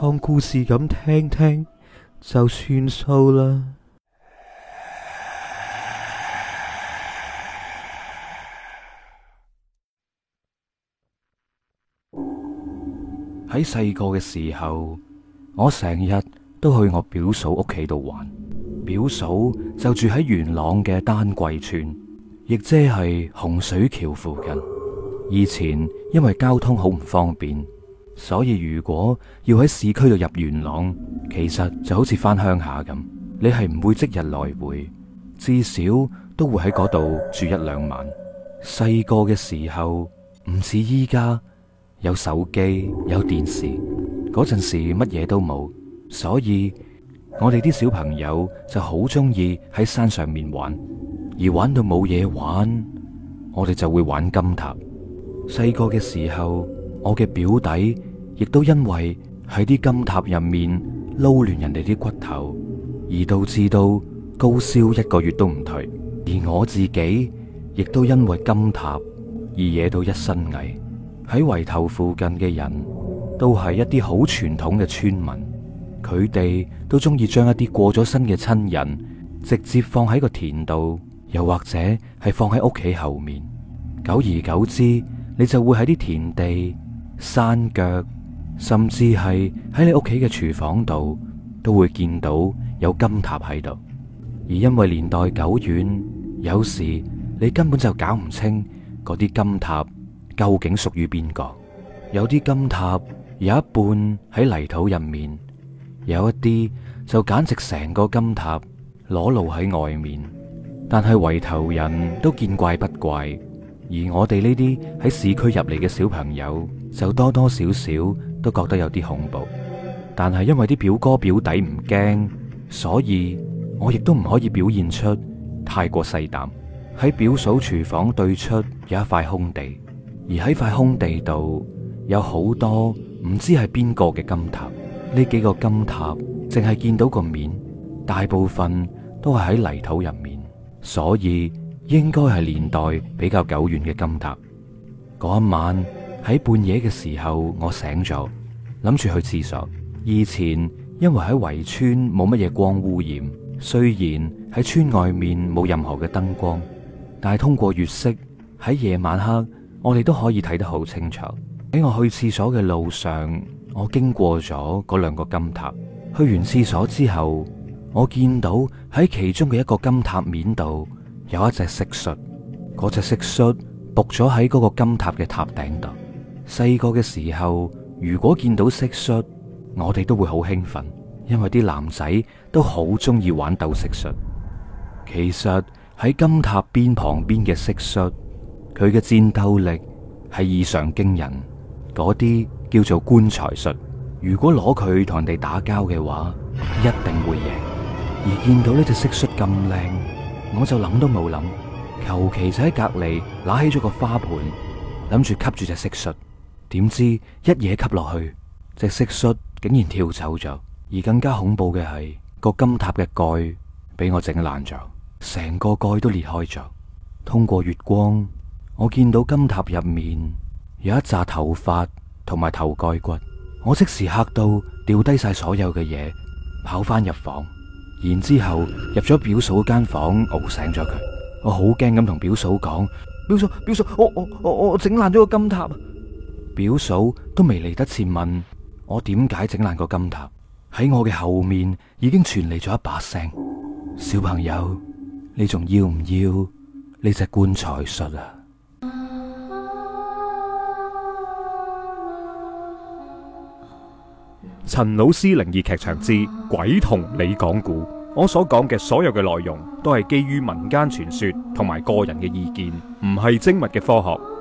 當故事咁聽聽就算數啦。喺細個嘅時候，我成日都去我表嫂屋企度玩。表嫂就住喺元朗嘅丹桂村，亦即係洪水橋附近。以前因為交通好唔方便。所以如果要喺市區度入元朗，其實就好似翻鄉下咁，你係唔會即日來回，至少都會喺嗰度住一兩晚。細個嘅時候唔似依家有手機有電視，嗰陣時乜嘢都冇，所以我哋啲小朋友就好中意喺山上面玩，而玩到冇嘢玩，我哋就會玩金塔。細個嘅時候，我嘅表弟。亦都因為喺啲金塔入面撈亂人哋啲骨頭，而導致到高燒一個月都唔退。而我自己亦都因為金塔而惹到一身蟻。喺圍頭附近嘅人都係一啲好傳統嘅村民，佢哋都中意將一啲過咗身嘅親人直接放喺個田度，又或者係放喺屋企後面。久而久之，你就會喺啲田地、山腳。甚至係喺你屋企嘅廚房度都會見到有金塔喺度，而因為年代久遠，有時你根本就搞唔清嗰啲金塔究竟屬於邊個。有啲金塔有一半喺泥土入面，有一啲就簡直成個金塔裸露喺外面。但係圍頭人都見怪不怪，而我哋呢啲喺市區入嚟嘅小朋友就多多少少。都覺得有啲恐怖，但係因為啲表哥表弟唔驚，所以我亦都唔可以表現出太過細膽。喺表嫂廚房對出有一塊空地，而喺塊空地度有好多唔知係邊個嘅金塔。呢幾個金塔淨係見到個面，大部分都係喺泥土入面，所以應該係年代比較久遠嘅金塔。嗰一晚。喺半夜嘅時候，我醒咗，諗住去廁所。以前因為喺圍村冇乜嘢光污染，雖然喺村外面冇任何嘅燈光，但係通過月色喺夜晚黑，我哋都可以睇得好清楚。喺我去廁所嘅路上，我經過咗嗰兩個金塔。去完廁所之後，我見到喺其中嘅一個金塔面度有一隻蟋蟀，嗰隻蟋蟀伏咗喺嗰個金塔嘅塔頂度。細個嘅時候，如果見到蟋蟀，我哋都會好興奮，因為啲男仔都好中意玩鬥蟋蟀。其實喺金塔邊旁邊嘅蟋蟀，佢嘅戰鬥力係異常驚人。嗰啲叫做棺材蟀，如果攞佢同人哋打交嘅話，一定會贏。而見到呢隻蟋蟀咁靚，我就諗都冇諗，求其就喺隔籬攞起咗個花盆，諗住吸住隻蟋蟀。點知一嘢吸落去，隻蟋蟀竟然跳走咗。而更加恐怖嘅係，個金塔嘅蓋俾我整爛咗，成個蓋都裂開咗。通過月光，我見到金塔入面有一紮頭髮同埋頭蓋骨。我即時嚇到，掉低晒所有嘅嘢，跑翻入房。然之後入咗表嫂間房間，熬醒咗佢。我好驚咁同表嫂講：表嫂，表嫂，我我我我整爛咗個金塔表嫂都未嚟得切問我點解整爛個金塔，喺我嘅後面已經傳嚟咗一把聲。小朋友，你仲要唔要呢隻棺材蟀啊？陳老師靈異劇場之鬼同你講古」，我所講嘅所有嘅內容都係基於民間傳說同埋個人嘅意見，唔係精密嘅科學。